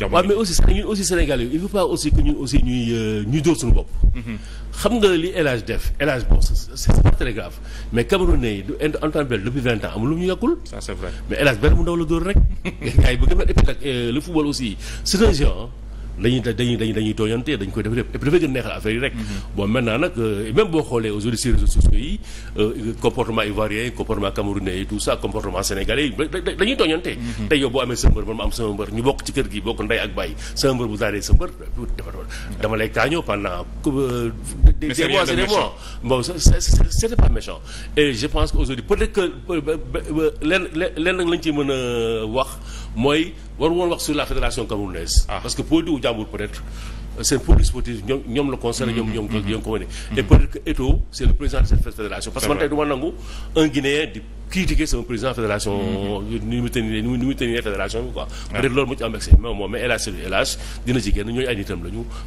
jamono waaw mais aussi ñun aussi Sénégalais il faut pas aussi que ñun aussi ñuy euh, ñuy suñu bopp. Mm-hmm. xam nga li El def El Hadj bon pas très mais Camerounais yi du Antoine Bell depuis vingt ans amul lu ñu yàqul. mais El Hadj mu ndaw la dóor rek. gars yi bëgg na et puis nag le football aussi c'est dañuy dañuy dañuy dañuy tooñante dañ koy def lépp et puis dafay gën neexal affaire yi rek. Mm-hmm. bon maintenant nag euh, même boo xoolee aujourd'hui sur réseaux sociaux yi euh, comportement ivoirien comportement camerounais et tout ça comportement sénégalais yi dañuy tooñante. Mm-hmm. tey yow boo amee sa mbër man ma am sama mbër ñu bokk ci kër gi bokk ndey ak bàyyi sa mbër bu daanee sa mbër euh, dafa dama lay kaañoo pendant. des des mois et des mois bon c'était pas méchant et je pense que aujourd'hui peut-être que lenn lenn lenn lañ ci mën a wax mooy. war woon wax sur la fédération camerounaise ah. parce que politique wu jàmbur euh, seen politique sportive ñoom la concerné ñoom ñoom ñoom ko wane mm-hmm. et peut que Eto'o c'est le président de cette fédération parce que nangu un di critiquer sama président fédération mm-hmm. ni mu tenir ni mu tenir fédération bi quoi ah. peut-être loolu mu ci am excès moom mais hélas hélas dina ci génn ñooñu ay nitam la ñu